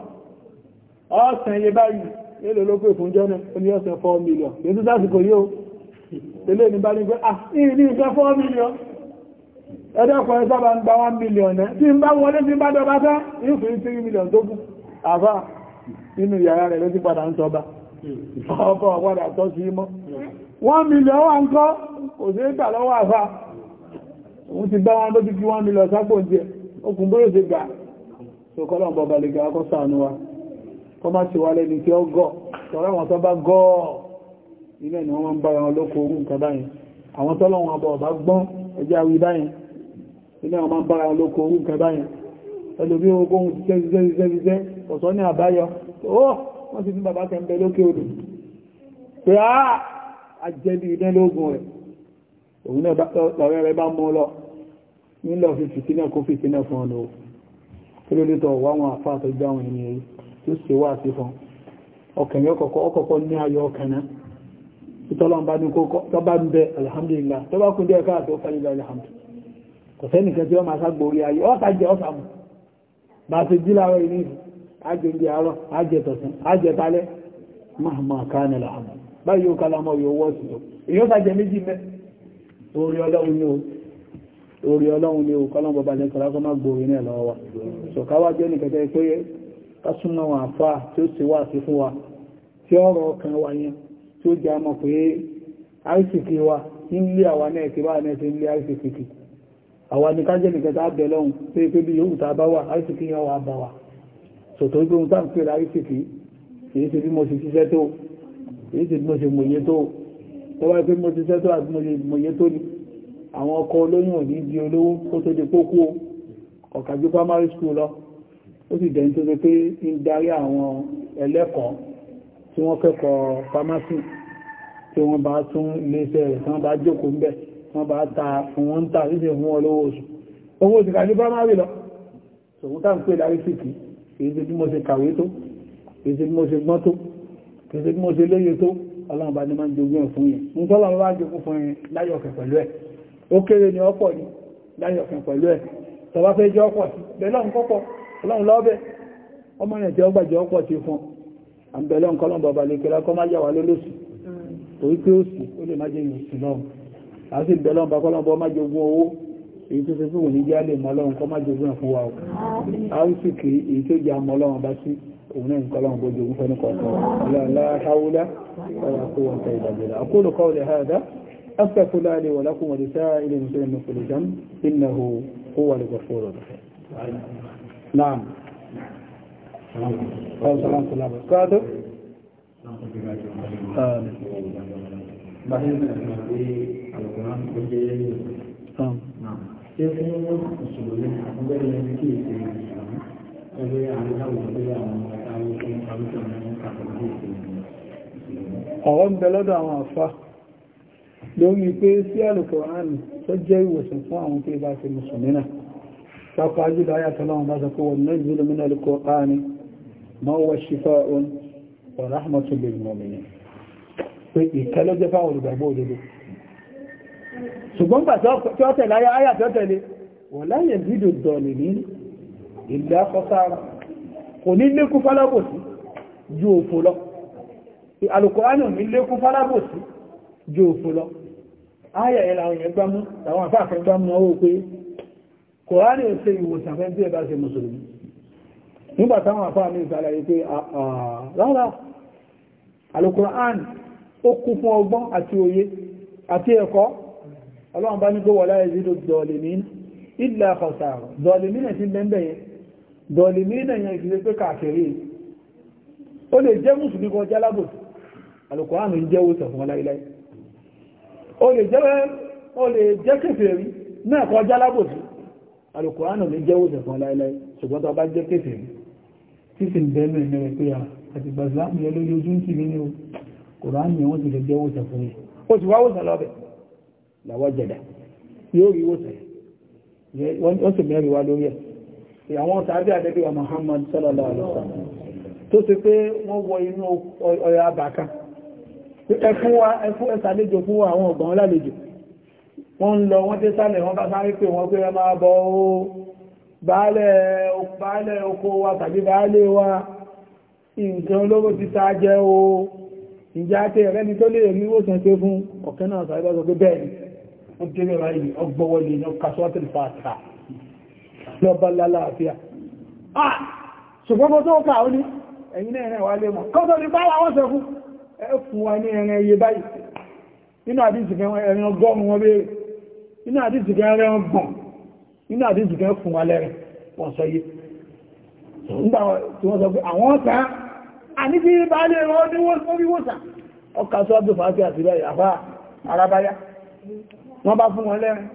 A: ọ̀sán iye báyìí èlò ló pè fún jọ́nà oní ọ̀sán 4 million lẹ́tú sásìkò yóò ilé ní bá ní pé à ní ìṣẹ́ 4 million ẹ̀dọ́kùnrin sábà ń gba 1 million náà tí ń bá wọlé tí ń bá dọba tán ìfún 3 million tó kù àfà nínú yàrá rẹ̀ ló ti padà ọkọ̀ ọ̀pọ̀dà tọ́ sí mọ́ wọ́n mílẹ̀ ọwà ń kọ́ kò sí ìgbà lọ́wọ́ àfá òun ti bá wọn lójú kí wọ́n mílẹ̀ sápò jẹ okùn bóyọ̀ ti gbà tó kọ́lọ̀ bọ̀ balẹ̀gà akọ́ sànú wa kọ́ má ti wà lẹ́ni tí ó gọ́ tọ́rọ àwọn tó bá gọ́ ilẹ̀ ni wọ́n ń bára wọn lóko orú nǹkan báyìí àwọn tọ́lọ̀ wọn bọ̀ bá gbọ́n ẹjẹ́ awi báyìí ilẹ̀ wọn máa ń bára wọn lóko orú nǹkan báyìí ẹlòmí ogun ti ṣẹ́ ṣiṣẹ́ ṣiṣẹ́ ṣiṣẹ́ ọ̀sọ́ ní àbáyọ wọ́n ti fún bàbá tẹ́ ń bẹ lókè odò pé á àjẹ́bí ìdẹ́lógún rẹ̀ òun náà lọ́rẹ́ rẹ̀ bá mú lọ nílọ fi fìtínà kó fìtínà fún ọ̀nà kí ló lítọ̀ wá wọn àfá tó gbá wọn ènìyàn yìí tó ṣe wá sí fún ọkàn yóò kọ̀kọ́ ọkọ̀kọ́ ní ayọ̀ ọkàn náà ìtọ́lọ́n bá ní kókọ́ tó bá ń bẹ alhamdulillah tó bá kún díẹ̀ káà tó fẹ́ nílẹ̀ alhamdulillah kò sẹ́nìkan tí wọ́n máa sá gbórí ayé ọ́sà jẹ́ ọ́sà mú bá ti jí láwọ́ ìní ajẹ́jẹ́ ndị ajẹ́tọ̀sán ajẹ́talẹ́ mahama kánilá àmà báyìí yóò kálámọ̀ yóò wọ́ sí ọ èyàn bá jẹ méjì mẹ́ orí ọlọ́run ní o orí ọlọ́run ní o kọ́lọ́n bọ́bá jẹ́ kọ́lákọ́ má gbòrí wa jẹ́ kásúnmọ́ wọn àfá tí ó wà sí fún wa tí ọkàn wa yẹn tí ó jẹ́ àmọ́ pé wa nílé àwa náà ti bá náà ti nílé àwa ni pé pé bí yóò a bá wà wa sọ̀tọ̀ wípé ohun táǹkì rà rí sìkì kìí ṣe bí mo ṣe ṣiṣẹ́ tó kìí ṣe bí mo ṣe mòye tó tó wáyé pé mo ṣiṣẹ́ tó àti mo ṣe mòye tó ni àwọn ọkọ olóyún ò ní di olówó ó tó di pókó ọ̀kàjú primary school lọ ó sì dẹni tó ṣe pé ń darí àwọn ẹlẹ́kọ̀ọ́ tí wọ́n kẹ́kọ̀ọ́ pharmacy tí wọ́n bá tún iléeṣẹ́ rẹ̀ tí wọ́n bá jókòó ń bẹ̀ tí wọ́n bá ta fún wọn ń ta níṣẹ́ fún wọn oṣù owó òṣìkàjú primary lọ tòun ń pè lárí sí kìí èyí tí mo ṣe kàwé tó èyí tí mo ṣe gbọ́n tó èyí tí mo ṣe lóye tó ọlọ́run bá ní máa ń jogún ẹ̀ fún yẹn ń tọ́lọ́ bá jogún fún yẹn láyọ̀kẹ̀ pẹ̀lú ẹ̀ ó kéré ni ọ̀pọ̀ ni láyọ̀kẹ̀ pẹ̀lú ẹ̀ tọba fẹ́ jẹ́ ọ̀pọ̀ sí bẹ̀lọ́n kọ́pọ̀ ọlọ́run lọ́ọ́bẹ̀ ọmọ yẹn tí ó gbà jẹ́ ọ̀pọ̀ sí fún àbẹ̀lọ́n kọ́lọ́n bàbá lè kẹ́lá kọ́ máa yàwà lólóṣù torí pé ó sì ó lè má jẹ́ ìrìnsì lọ́run àti ìbẹ̀lọ́n bá kọ́lọ́n bọ́ má jogun owó èyí tó ṣe fún òní jẹ́ lè mọ́ lọ́run kọ́ má jogun ẹ̀ fún wa àrísìkì èyí tó jẹ́ àmọ́ ọlọ́run bá sí òun náà nǹkan ọlọ́run gbójú òun fẹ́ni kọ̀ọ̀kan la hawla wala quwwata illa billah aqulu qawli hadha astaghfirullaha li wa lakum wa lisa'iril muslimin min kulli dhanbin ṣé fún mùsùlùmí àkúgbẹ́ni ẹni kí èsì mùsùlùmí ẹgbẹ́ àwọn aláwọ̀ pé àwọn àtàwọn fún àwùjọ ní àkọ́kọ́ èsì mùsùlùmí. ọ̀rọ̀ ń bẹ lọ́dọ̀ àwọn àfa lórí pé sí àlùkùránì tó jẹ́ ìwòsàn fún àwọn tó bá ṣe mùsùlùmí pápá jùlọ ayatollah bá sọ pé wọn náà jùlọ mí náà lùkùránì ma huwa shifaa'un wa rahmatun lil mu'minin pé ìkẹ́lọ́jẹ́ fáwọn olùgbàgbọ́ ṣùgbọ́n gbà tí ó tẹ̀lé ayá ayà tí ó tẹ̀lé wọ́n láyé dídò dọ̀lì ní ilẹ̀ akọ́sára kò ní lékún fálábòsí ju òfò lọ alùkùránì ní lékún fálábòsí ju òfò lọ ayà ẹ̀lá àwọn èèyàn gbámú àwọn àfáàfẹ́ gbámú ọwọ́ pé kòránì ò ṣe ìwòsàn fẹ́ bí ẹ bá ṣe ọlọ́run bá ní gbówọ̀ láyé zídò dọ̀lìmín ìlà àkọsàrọ̀ dọ̀lìmín ẹ̀ sí bẹ́ẹ̀ yẹn dọ̀lìmín ẹ̀yàn ìfìlẹ̀ pé kàkiri ó lè jẹ́ mùsùlùmí kan jálábò alùkùránù jẹ́ owó sẹ̀fún láíláí ó lè jẹ́ kèfèrí náà kan jálábò alùkùránù ní jẹ́ owó sẹ̀fún láíláí ṣùgbọ́n tó bá jẹ́ kèfèrí tí sì ń bẹ́ẹ̀ mẹ́rin mẹ́rin pé àti gbàzá mi ẹlójú ojú ń kì làwọn jẹ̀dà yóò rí wòsàn wọ́n sì mẹ́rin wá lórí ẹ̀ àwọn tàbí àdẹ́bíwà Muhammad sallallahu alaihi wasallam tó ṣe pé wọ́n wọ inú ọya àbàká ẹkún wa ẹkún ẹsàlejò fún àwọn ọ̀gbọ̀n lálejò wọ́n ń lọ wọ́n tẹ́ sálẹ̀ wọ́n bá sáré pé wọ́n pé ẹ máa bọ́ ó baálẹ̀ oko wa tàbí baálé wa nǹkan olówó ti ta jẹ́ o ìjà tẹ́ ẹ̀rẹ́ni tó lè rí wòsàn pé fún ọ̀kẹ́ náà sáré bá sọ ó débẹ̀ báyìí ọgbọ́wọ́lé ní kasuwatul fata lọ́bá lálàáfíà ah ṣùgbọ́n tó kà ó ní ẹ̀yìn ẹ̀rẹ̀ wà lè mọ̀ kọ́tọ̀ ní bá wọ́n sọ fún ẹ̀fún wa ní ẹ̀rẹ̀ iye báyìí inú àdíjìkẹ́ ẹ̀rẹ̀ ọgọ́rùn wọn béèrè inú àdíjìkẹ́ ẹ̀rẹ̀ ọgbọ̀n inú àdíjìkẹ́ fún wa lẹ́rẹ̀ wọ́n sọ yé nígbà tí wọ́n sọ pé àwọn ọ̀sà àní bí bá lè rọ ní wọ́n sọ bí wọ́sà ọkà sọ́dún fàáfíà sí báyìí àfá arábáyá wọ́n bá fún wọn lẹ́rin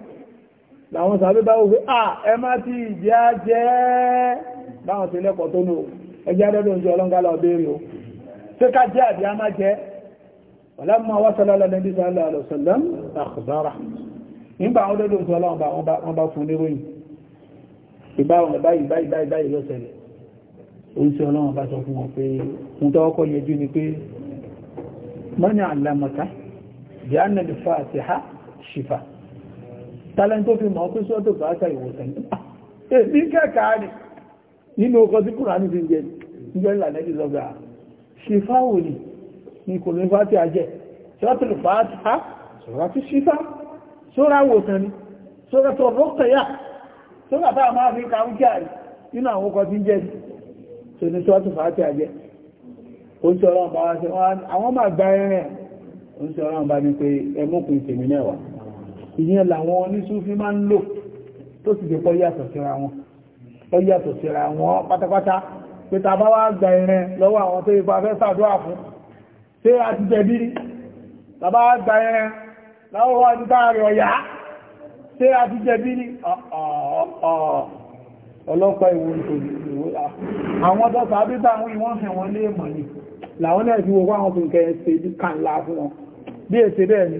A: láwọn sàbí bá wọ́n pé à ẹ má ti ìjẹ́ jẹ́ báwọn ti lẹ́kọ̀ọ́ tó nù ẹjẹ́ adọ́dọ̀ oúnjẹ ọlọ́ngálà ọbẹ̀rẹ̀ o tí ká jẹ́ àbí a má jẹ́ ọ̀lọ́mọ wọ́sọ̀lọ́lọ́ nẹ́bí sallallahu alaihi wasallam àkùbára nígbà àwọn olóòdó ń sọ́lọ́ wọn bá fún níròyìn ìbáwọn báyìí báyìí báyìí báyìí lọ́sẹ̀lẹ̀ oúnjẹ ọlọ́run bá sọ fún wọn pé mú tọ́wọ́kọ́ yẹjú ni pé mọ́nà ṣífà tálẹ́ntó fi mọ̀ pé sọ́tò fàáta ìwòsàn ah, ní kẹ́kàá ni nínú ọkọ̀ tí kùránì fi jẹ́ ìjẹ́ ìlànà ìjọba ṣífà wò ní ní kò ní fàáta ajẹ́ sọ́tò fàáta sọ́ra tí ṣífà sọ́ra wòsàn ni sọ́ra tó rọ́kẹ̀yà sọ́ra tá a máa fi kàrúkẹ́ àrí nínú àwọn ọkọ̀ tí jẹ́ tó ní sọ́tò fàáta ajẹ́ oúnjẹ ọlọ́run bá wá sí àwọn máa gba ẹrẹ́ ìyẹn làwọn onísúfí máa ń lò tó sì jẹ́ pọ́ yàtọ̀ síra wọn pọ́ yàtọ̀ síra wọn pátápátá pé ta bá wá gba ẹ̀rẹn lọ́wọ́ àwọn tó ipa fẹ́ sàdúrà fún tí a ti jẹ̀bi rí ta bá wá gba ẹ̀rẹn láwọ́ wá ti táàrí ọ̀yá tí a ti jẹ̀bi rí wo wá àwọn tó ń kẹ́ ṣe bí kàńlá fún wọn bí èsè bẹ́ẹ̀ ni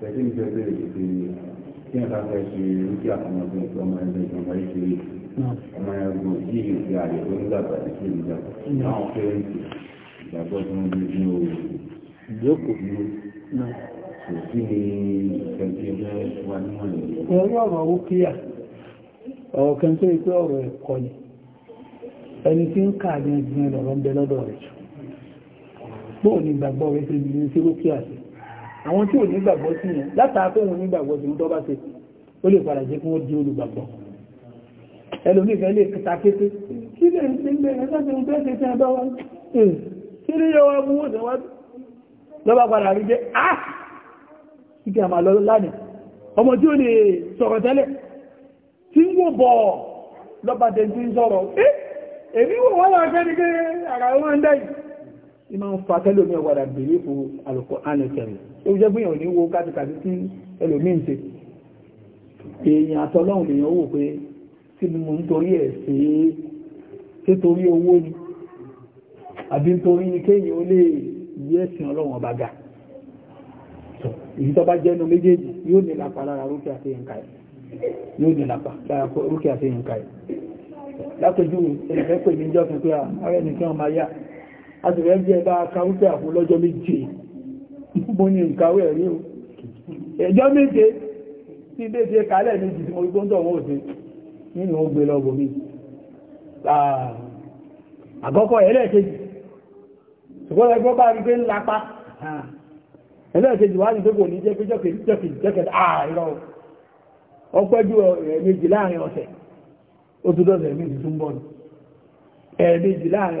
A: tẹ̀sí ní tẹ̀sí rẹ̀ ti kí ẹ̀ka fẹ́ ṣe rúkí àkọmọdún ìtọ́ ọmọ ẹgbẹ́ ìjọba ìṣeré ọmọ ẹgbẹ́ yìí yìí ti àyè tó ń dàgbà sí ìlú ìjọba àwọn fẹ́rẹ́ǹtì ìgbàgbọ́ tí wọ́n gbé ní òòrùn ìjókòó kò sí ní ìtẹ̀sí ẹgbẹ́ wa níwọ̀n yìí. ẹ̀rọ ọ̀rọ̀ rúkíà ọ̀rọ̀ kan tó yẹ pé ọ̀rọ̀ ẹ̀kọ́ ni ẹni tí ń kà ní ẹgbẹ́ lọ́rọ̀ ń bẹ lọ́dọ̀ rẹ̀ bóò ní ìgbàgbọ́ rẹ̀ ṣe ní sí rúkíà sí àwọn tí ò ní gbàgbọ́ sí yẹn látara pé wọn ní gbàgbọ́ sí tó bá ṣe ó lè padà jẹ́ kí wọ́n di olùgbàgbọ́ ẹlòmífẹ́ lè kẹta kété kí lè ń ṣe ń bẹ̀rẹ̀ láti ń bẹ́ẹ̀ tẹ́tẹ́ ọdọ́ wa kí lè yọ wa mú òṣè wá lọ́ba padà rí jẹ́ á ìgbà àmà lọ lánàá ọmọ tí ó lè sọ̀rọ̀ tẹ́lẹ̀ tí ń wò bọ̀ lọ́ba tẹ̀ ń sọ̀rọ̀ eh! èmi wò wọ́n lọ́ọ́ fẹ́ ni pé àrà wọn ń dẹ́yìí ìmọ̀ ń fa tẹ́lómi ọ̀wàdà bèèrè fún àlùkò anìkẹ̀rẹ̀ ó jẹ́ gbìyàn ní wo kátìkàtì tí ẹlòmí ń ṣe èèyàn àtọlọ́hùn lèèyàn wò pé tí mo ń torí ẹ̀ sí ṣé torí owó ni àbí torí ní kéèyàn ó lè yí ẹ̀sìn ọlọ́run ọba ga èyí tó bá jẹ́nu méjèèjì yóò ní lápá lára rúkẹ́ àti ẹ̀ǹkà ẹ̀ yóò ní lápá lára rúkẹ́ àti ẹ̀ǹkà ẹ̀ látọjú ẹ̀ǹkẹ́ pè ní ìjọ́ kan pé ààrẹ nìkan máa yá a sì rẹ̀ bí ẹbá kàwútẹ́ àfún lọ́jọ́ méje mo ní ìkàwé ẹ̀rí o ẹjọ́ méje tí ilé ṣe kálẹ̀ méjì tí mo rí tó ń tọ̀wọ́ òsè nínú ó gbé lọ́gbọ̀ mi ah, àkọ́kọ́ ẹlẹ́ẹ̀kejì ṣùgbọ́n ẹgbọ́n bá rí pé ń lapa ẹlẹ́ẹ̀kejì wá ní pé kò ní jẹ́ pé jọ́kejì jọ́kejì jọ́kejì àìrọ̀ ah, ọpẹ́jú ẹ̀ẹ̀mejì láàrin ọ̀sẹ̀ ó tún dọ́sẹ̀ méjì tún bọ̀ ẹ̀ẹ̀mejì láàrin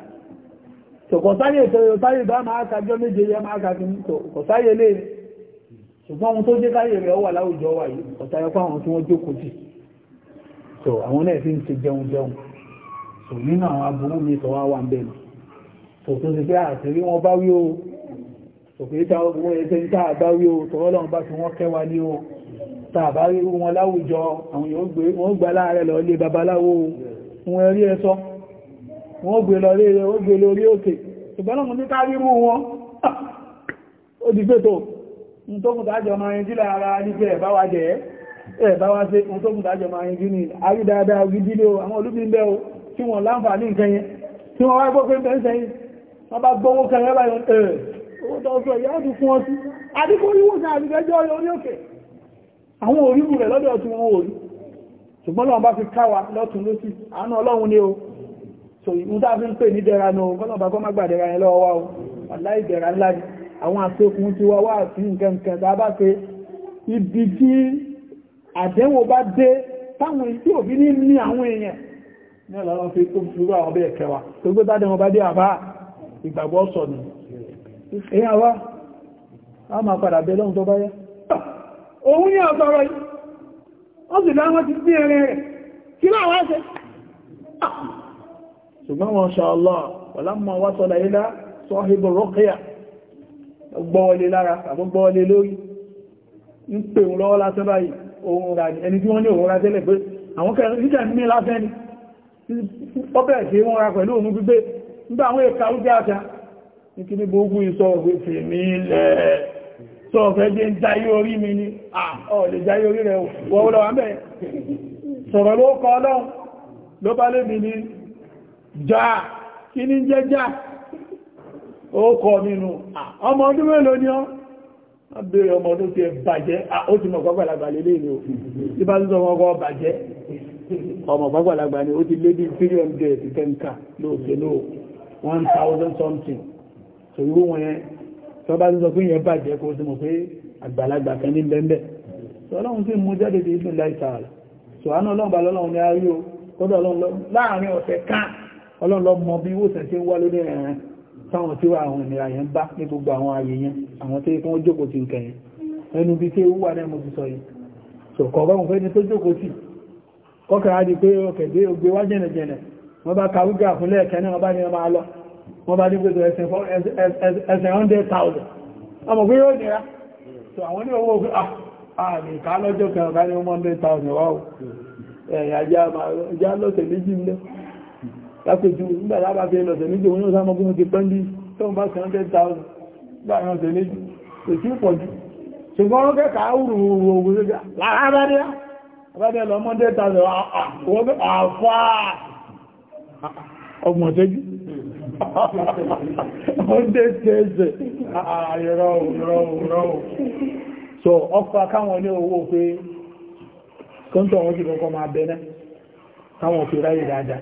A: kọ̀sáyé bá máa kàjọ méje yẹ máa kàjọ kọ̀sáyé lè ṣùgbọ́n ohun tó jẹ́ káyé rẹ̀ wà láwùjọ wà yìí kọ̀sáyé fún àwọn tí wọ́n jókòó jì so àwọn náà fi ń ṣe jẹun jẹun so nínú àwọn aburú mi sọ wá wà ń bẹ̀rẹ̀ wọ́n gbé lọ rẹ̀ ó gbé lórí òkè ṣùgbọ́n náà mú wọn ó di pé tó ń jílẹ̀ ara ní pé ẹ̀bá wa jẹ́ ẹ̀bá wa ṣe ń tó jí ní àrí dáadáa gidile o àwọn olúbi ń bẹ́ o tí wọ́n láǹfààní nǹkan yẹn tí wọ́n wá gbọ́ pé sẹ́yìn wọ́n bá gbọ́wọ́ kan báyọ̀ ẹ̀ owó tó sọ ìyá so ìmúta fi ń pè ní dẹ̀ra náà kọ́lọ̀bà kọ́ má gbà dẹ̀ra yẹn lọ́wọ́ wá o wàlá ìdẹ̀ra ńlá ni àwọn àṣekùn ti wá wá sí nǹkan nǹkan tá a bá ṣe ibi tí àdẹ́wò bá dé táwọn ìdí òbí ní ní àwọn èèyàn ní ọ̀làwọ́ fi tó fúrú àwọn bẹ́ẹ̀ kẹwa tó gbé bá dẹ̀wọ̀n bá dé àbá ìgbàgbọ́ sọ nù èèyàn wá a máa padà bẹ lọ́hùn tó bá yẹ òun ní àtọrọ yìí ó sì láwọn ti gbé ẹrẹ rẹ̀ kí láwọn á ṣe ṣùgbọ́n wọn ṣàlọ́ ọ̀lámọ̀ wá sọ́lá ilá sọ́hìbò rọ́kíyà gbọ́ọ̀lẹ̀ lára àbọ́ gbọ́ọ̀lẹ̀ lórí ń pè ń lọ́wọ́ lásán báyìí ohun ra ní ẹni tí wọ́n ní òun ra tẹ́lẹ̀ pé àwọn kẹrìnlẹ̀ ní lásán ni ọbẹ̀ tí wọ́n ra pẹ̀lú òun gbígbé nígbà àwọn èka ó jẹ́ àta ní sọ ọ̀fẹ́ jẹ́ jayé orí mi ni ọ̀ lè jayé orí rẹ̀ wọ́wọ́ lọ́wọ́ sọ̀rọ̀ ló kọ́ ọlọ́run ló bá lé mi ní já kí ní jẹ́ já ó kọ nínú ọmọ ọdún mélòó ni ọ́ bèèrè ọmọ ọdún tí ẹ bàjẹ́ ó ti mọ̀ gbàgbàlagbà lélé ni ó tí bá tún ọmọ ọgbọ́ bàjẹ́ ọmọ gbàgbàlagbà ni ó ti lé bí 300 tẹ́ǹkà lóòkè lóò 1000 something so irú wọn yẹn tó bá tún sọ fún yẹn bàjẹ́ kó sí mọ̀ pé àgbàlagbà kan ní bẹ́ẹ̀ so ọlọ́run sì mú jáde ti ìsìn láìsàrà so àánú ọlọ́run bá lọ́lọ́run ni a rí o kọ́dọ̀ ọlọ́run láàrin ọ̀sẹ̀ kan ọlọ́run lọ mọ bí ìwòsàn tí ń wá lórí ẹ̀rẹ̀ táwọn tí àwọn ìnira yẹn bá ní gbogbo àwọn ààyè yẹn àwọn tí wọ́n jókòó ti nǹkan yẹn ẹnu bí tí wúwà náà mo ti sọ yìí so kọ̀ọ̀kan òun fẹ́ ni tó jókòó tì kọ́kàn á di pé ọkẹ̀dé ogbe wá jẹ̀nẹ̀jẹ̀nẹ̀ wọ́n bá ka wígà fún lẹ́ẹ̀kẹ́ náà wọ́n bá ní ọmọ alọ́ wọ́n bá ní hundred thousand ọmọ pé yóò nira so àwọn ní lápẹjú nígbà lábá fi lọ̀sẹ̀ méjì wọn yóò sáàmọ́ gúnmọ́ ti pẹ́ ní tóun bá 100,000 láàrin ọ̀sẹ̀ méjì kò tí pọ̀ jù ṣùgbọ́n ó kẹ́kà áwùrù ogun ṣe lára abẹ́dẹ́ abẹ́dẹ́ lọ mọ́ 100,000 àfá ọgbọ̀n ṣẹ́jú ọdẹ́ tẹ́ẹ̀ṣẹ̀ ààrẹ̀rọ̀ rọ̀ so ọkọ̀ káwọn ní owó pé kọ́ntọ̀ wọn ti kọ́kọ́ máa bẹ̀rẹ̀ káwọn fi ráyè dáadáa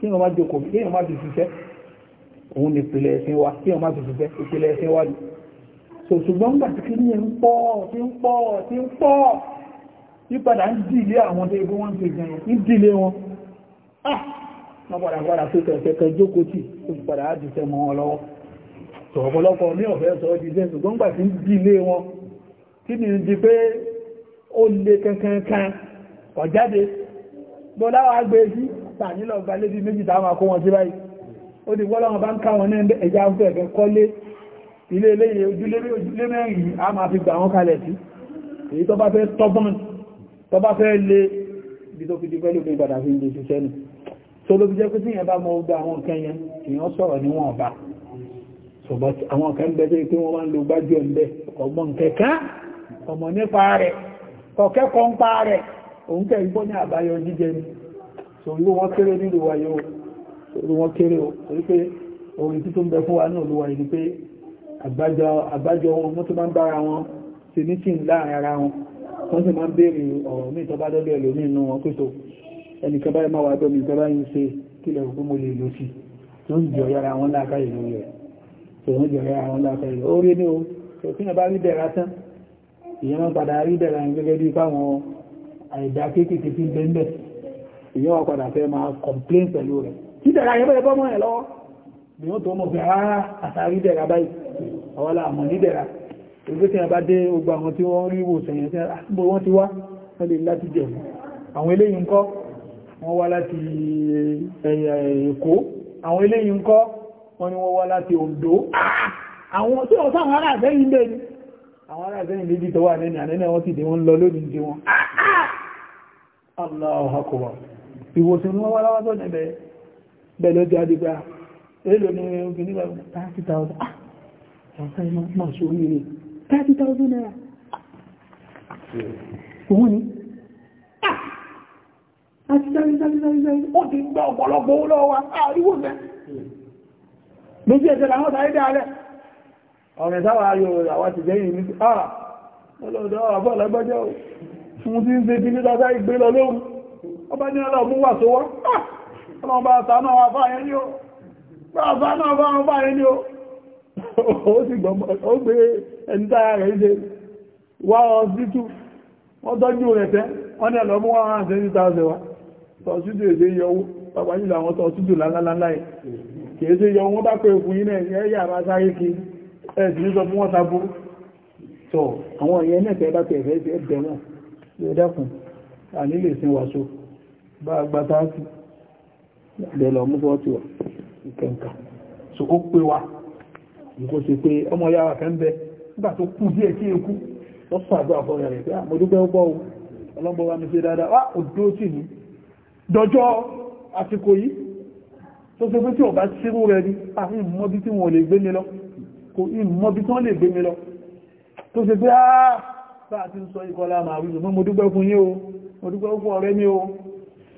A: kí wọ́n má jókòó kí wọ́n má fi ṣiṣẹ́ òun ni ìpìlẹ̀ ẹ̀sìn wa kí wọ́n má fi ṣiṣẹ́ ìpìlẹ̀ ẹ̀sìn wa ni so ṣùgbọ́n nígbà tí kìíní ń pọ̀ tí ń pọ̀ tí ń pọ̀ yípadà ń dìlé àwọn tó ibi wọ́n ti gbìn ń dìlé wọn ah wọ́n padà padà tó kẹ̀kẹ́ jókòó tì ó ti padà á jùṣẹ́ mọ́ wọn lọ́wọ́ ọ̀pọ̀lọpọ̀ ní ọ̀fẹ́ sọ di jésù tó ń gbà tí ń di ilé wọn kí ni di pé ó lè kankan kan ọ̀jáde bọ́láwà gbé sí tà nílọ̀ gba lébi méjì táwọn akó wọn sí báyìí ó di gbọ́ lọ́wọ́ bá ń ká wọn ní ẹja ń fẹ́ ẹ̀fẹ́ kọ́lé ilé eléyè ojúlé mẹ́rin a máa fi gbà wọn kalẹ̀ sí èyí tó bá fẹ́ stubborn tó bá fẹ́ le bí tó fi di pẹ́lú pé padà fi ń di ṣiṣẹ́ nù tó ló fi jẹ́ pé tíyẹn bá pa rẹ̀ òun kẹ́ ìgbọ́ àbáyọ jíjẹ ni olú wọn kéré nílùú wa yóò olú wọn kéré o torí pé orin títún ń bẹ fún wa náà olúwa yìí ni pé àgbájọ wọn mú tó máa ń bára wọn ṣe ní tí ń láàrin ara wọn wọ́n sì máa ń béèrè ọ̀rọ̀ ní ìtọ́bá dọ́dọ̀ ẹ̀lò ní inú wọn pẹ́tò ẹnìkan báyìí máa wà dọ́mì ìjọba yìí ṣe kí lẹ̀ òkú mo lè lò sí tó ń jọ yára wọn láàká ìlú rẹ̀ o òfin ọba rí bẹ̀rẹ̀ tán ìyẹn máa padà rí bẹ̀rẹ̀ gẹ́gẹ́ bí fáwọn àìdá kéékèèké tí ń bẹ́ńbẹ̀ èyàn wà padà fẹ́ máa complain pẹ̀lú rẹ̀ tí dẹ̀ra yẹ́ bẹ́ẹ̀ bọ́mọ̀ ẹ̀ lọ́wọ́ ni ó tó mọ̀ fẹ́ rárá ah, àtàrí dẹ̀ra báyìí ọwọ́lá àmọ̀ ní dẹ̀ra ìgbé tí a bá dé ogbà àwọn tí wọ́n rí ìwòsàn ah, ti wá wọ́n lè láti jẹ̀ ah, ti dé wọ́n lọ Allah akbar ìwòsàn ní wọ́n wá láwá sọ́nà ẹ̀bẹ̀ bẹ̀lẹ̀ ọjọ́ adìgbà èlò ní ogun nígbà 30,000 ọ̀fẹ́ máa ṣorí rẹ̀ 30,000 naira òun ni ah! àti sárísárísárísárí ó ti gbá ọ̀pọ̀lọpọ̀ owó lọ́wọ́ wa àríwò ah! mẹ́ lójú ẹ̀sẹ̀ làwọn tàí dáadẹ́ ọ̀rẹ̀ sáwà ayò àwọn ti jẹ́yìn ní àà ah! ọlọ́dọ̀ àbọ̀ lágbọ́jọ́ ohun tí ń ṣe ti ní tàbí ìgbé lọ lóhun ọba ní ọlọ́ mú wà tó wá ọmọba àtànà àbá ẹni ó àtànà àbá ẹni o ó sì gbọ́mọ̀ ó gbé ẹni táyà rẹ̀ ṣe wá ọsítù wọ́n tọ́jú rẹ̀ tẹ́ wọ́n ní ọlọ́mú wá rán sẹ́ni tààzẹ̀ wá tọ́sítù èdè yọwó pàpàjùlọ àwọn tọ́sítù lálálálá kìí sí yọ wọ́n bá pé òkú yí náà ẹ̀yà àmà sáré kí ẹ̀sì ní sọ fún wọ́n sábú tọ́ àwọn ìyẹn náà tẹ́ bá tẹ̀ẹ̀fẹ́ ẹ̀bẹ̀ wọn ló dẹ́kùn à nílé sin wàṣó bá agbátá sí ìdẹ̀ lọ mú bọ́ọ̀tì wà ìkẹǹkà so ó pé wa nǹkan ṣe pé ọmọ yàrá kan bẹ nígbà tó kú díẹ̀ sí ikú wọ́n sọ àdó àfọyà rẹ̀ pé à ah, mo dúpẹ́ o ọlọ́mọ wa mi ṣe dáadáa wá òdó sì ní dọjọ́ àsìkò yìí tó ṣe pé tí ọba ṣírú rẹ ni àwọn ìmọ̀bí tí wọ́n lè gbé mi lọ kò ìmọ̀bí tí wọ́n lè gbé mi lọ àà ah, bá ti ń sọ ìkọlá màá wí mo dúpẹ́ fún yín o mo dúpẹ́ fún ọ̀rẹ́ mi o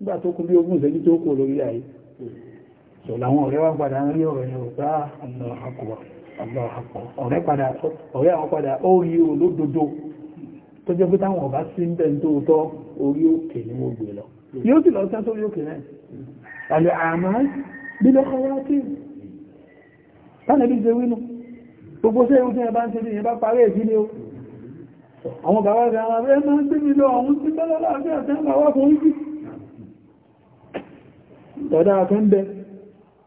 A: nígbà tó kún bí ogún ìṣẹ́jú tó kò lórí ayé sọ làwọn ọ̀rẹ́ wá padà ń rí ọ̀rẹ́ ọ̀gá ọ̀rẹ́ àwọn padà ó rí olódodo tó jẹ́ pé táwọn ọ̀gá sí ń bẹ́ẹ̀ tó tọ́ orí òkè ni wọ́n gbé lọ yóò sì lọ sí àtórí òkè náà àlè àmà bílẹ̀ ọ̀rẹ́ tí tánà bí ṣe wínú gbogbo ṣe ìwúṣẹ́ ẹ̀bá ń ṣe ní ẹ̀bá parí èjì ní o àwọn bàbá rẹ̀ àwọn abẹ́ máa ń gbé mi lọ àwọn tí bẹ́lá láàrín àti àwọn àwọn àforíjì lọ́dọ̀ ọ̀kan bẹ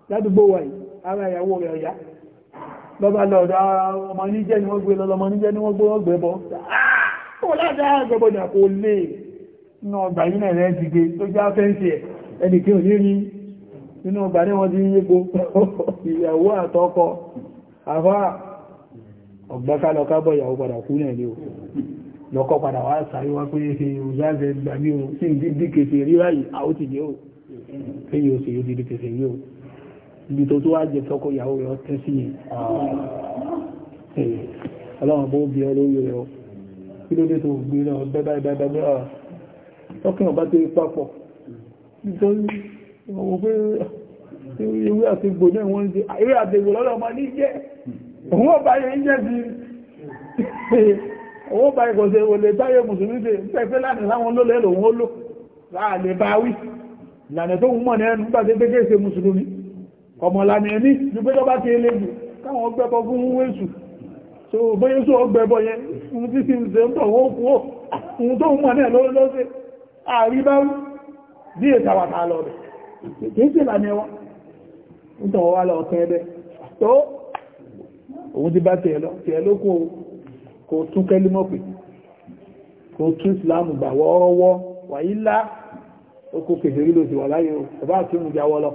A: ládùgbò wà ara ìyàwó rẹ̀ ọ̀yá lọ́bà lọ́dọ̀ ọmọ níjẹ́ ni wọ́n gbé lọ́lọ́mọ níjẹ́ ni wọ́n gbé wọ́n gbé bọ́ ah! inú ọgbà ní wọ́n ti ń yípo ìyàwó àtọkọ àfá ọ̀gbákálọ́ká bọ̀ ìyàwó padà kú náà ní o lọ́kọ́ padà wá sáré wá pé ṣe òjáàzẹ̀ gbàmí o sí ìdíkèsè rí báyìí àótìdí o kéyìí ó sì yóò di di kèfè yóò ibi tó tó wá jẹ tọkọ ìyàwó rẹ̀ ọtẹ sí yìí ọlọ́run bó bí ọlọ́run rẹ̀ ọ kí ló dé tó gbé náà bẹ́ báyìí báyìí báyìí ọ̀rọ̀ tọ́kìn ọba tó ipa pọ̀ nítorí ọmọ pé ewé àtegbò náà wọ́n ń jẹ ewé àtegbò lọ́dọ̀ ọmọ ní jẹ́ òun ọba yẹn jẹ́ bí owó báyìí kò ṣe olè báyìí mùsùlùmí ṣe pẹ́pẹ́ láti láwọn lólè lòun ó lò láà lè ìlànà tó mọ̀ ní ẹnu gbàtẹ́ pé kéèsè mùsùlùmí ọmọlànà ẹ̀mí ju pé tọ́bá ti eléjù káwọn gbẹ́bọ fún wéṣù so bóyé sọ gbẹ́bọ yẹn fún tí sí ṣe ń tọ̀ wó kú ó ohun tó mọ̀ náà lọ́sẹ̀ àríbáwú bí ètàwàtà lọ rẹ̀ kéèsè lànà ẹwà ń tọ̀ wá lọ ọ̀kan ẹbẹ tó òun ti bá tiẹ̀ lọ tiẹ̀ ló kó kò tún kẹ́límọ̀ pé kò tún ìsìlámù gbà wọ́ọ́rọ́wọ́ wàyí lá oko kèfèrí ló ti wà láyé o ọba àti mú jáwọ́ lọ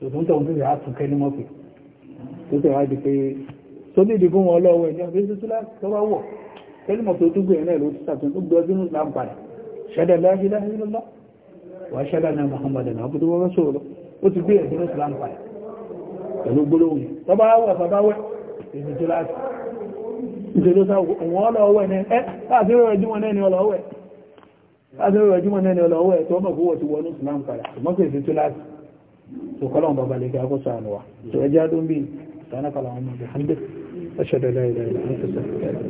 A: tòtún tó ń fi rà tún kẹ́ni mọ́ pé tó tẹ̀wá di pé tó ní ìdìbò wọn lọ́wọ́ ẹ̀jẹ̀ bí sísú láti tọ́wọ́ wọ̀ kẹ́ni mọ́ tó tún gbé ẹ̀rẹ́ ló ti sàtún tó gbé ọdún islam padà ṣẹlẹ̀ láyé láyé lọ́lọ́ wà ṣẹlẹ̀ náà muhammadu náà bó tó wọ́n lọ ó ti ẹ́ láti rẹ̀ jú wọn náà ni ọlọ́wẹ̀ lásìrò ọjúmọ̀ náà ni ọlọ́wọ́ ẹ̀ tó mọ̀ fún wọ́n ti wọ́n ní islam padà mọ́kànlẹ̀ tó láti tó kọ́lọ̀ bàbá lè gbàgbọ́ sàánúwà tó ẹjá dún